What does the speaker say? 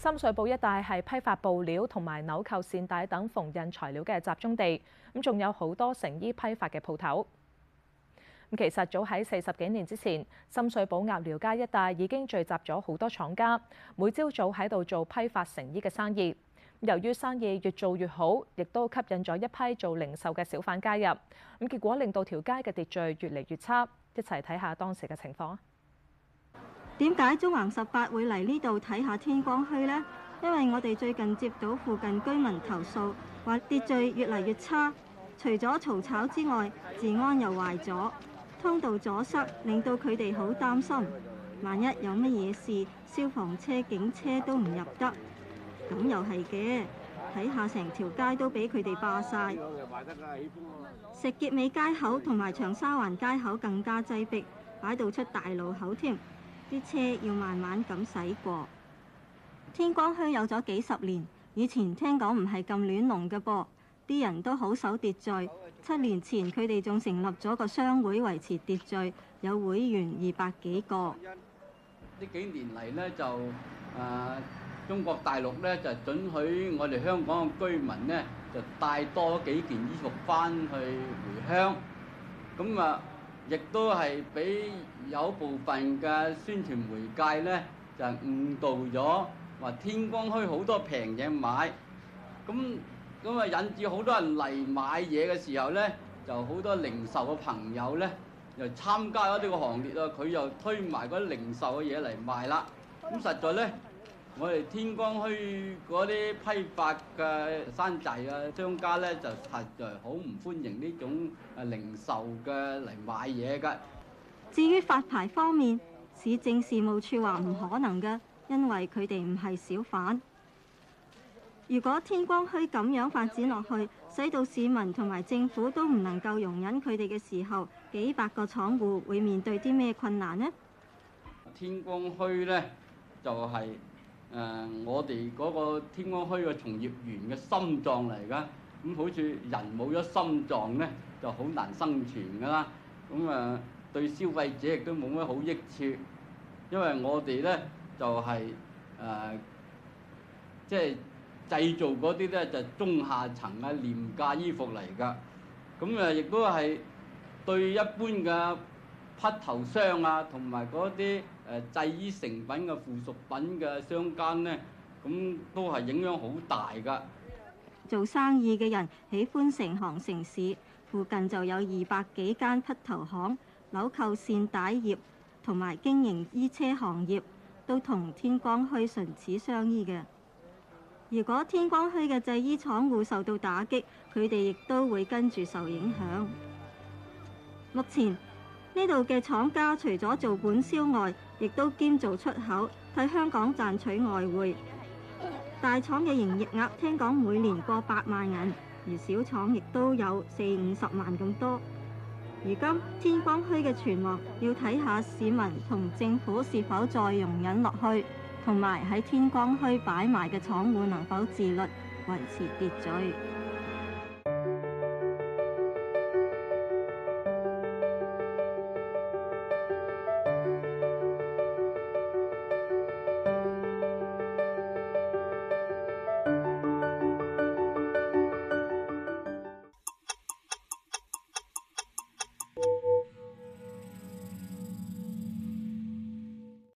深水埗一帶係批發布料同埋紐扣、線帶等縫印材料嘅集中地，咁仲有好多成衣批發嘅鋪頭。咁其實早喺四十幾年之前，深水埗鴨寮街一帶已經聚集咗好多廠家，每朝早喺度做批發成衣嘅生意。由於生意越做越好，亦都吸引咗一批做零售嘅小販加入，咁結果令到條街嘅秩序越嚟越差。一齊睇下當時嘅情況。點解中環十八會嚟呢度睇下天光墟呢？因為我哋最近接到附近居民投訴，話秩序越嚟越差，除咗嘈吵之外，治安又壞咗，通道阻塞，令到佢哋好擔心。萬一有乜嘢事，消防車、警車都唔入得，咁又係嘅。睇下成條街都俾佢哋霸晒。石硤尾街口同埋長沙灣街口更加擠迫，擺到出大路口添。啲車要慢慢咁駛過，天光墟有咗幾十年，以前聽講唔係咁亂龍嘅噃，啲人都好守秩序。 七年前佢哋仲成立咗個商會維持秩序，有會員二百幾個。呢幾年嚟呢，就誒、啊、中國大陸呢，就准許我哋香港嘅居民呢，就帶多幾件衣服翻去回鄉，咁啊。亦都係俾有部分嘅宣傳媒介咧，就誤導咗話天光墟好多平嘢買，咁咁啊引致好多人嚟買嘢嘅時候咧，就好多零售嘅朋友咧，又參加咗呢個行列啦，佢又推埋嗰啲零售嘅嘢嚟賣啦，咁實在咧。我哋天光墟嗰啲批發嘅山寨啊，商家咧就實在好唔歡迎呢種誒零售嘅嚟買嘢噶。至於發牌方面，市政事務處話唔可能嘅，因為佢哋唔係小販。如果天光墟咁樣發展落去，使到市民同埋政府都唔能夠容忍佢哋嘅時候，幾百個廠戶會面對啲咩困難呢？天光墟咧，就係、是。誒、呃，我哋嗰個天安區嘅從業員嘅心臟嚟㗎，咁、嗯、好似人冇咗心臟咧，就好難生存㗎啦。咁、嗯、誒、呃，對消費者亦都冇乜好益處，因為我哋咧就係、是、誒，即、呃、係、就是、製造嗰啲咧就是、中下層嘅廉價衣服嚟㗎，咁、嗯、誒、呃、亦都係對一般嘅。匹頭商啊，同埋嗰啲誒製衣成品嘅附屬品嘅商間呢，咁都係影響好大㗎。做生意嘅人喜歡成行成市，附近就有二百幾間匹頭行、紐扣線帶業同埋經營衣車行業，都同天光墟唇齒相依嘅。如果天光墟嘅製衣廠戶受到打擊，佢哋亦都會跟住受影響。目前，呢度嘅廠家除咗做本銷外，亦都兼做出口，替香港賺取外匯。大廠嘅營業額聽講每年過百萬銀，而小廠亦都有四五十萬咁多。如今天光墟嘅存亡，要睇下市民同政府是否再容忍落去，同埋喺天光墟擺賣嘅廠戶能否自律維持秩序。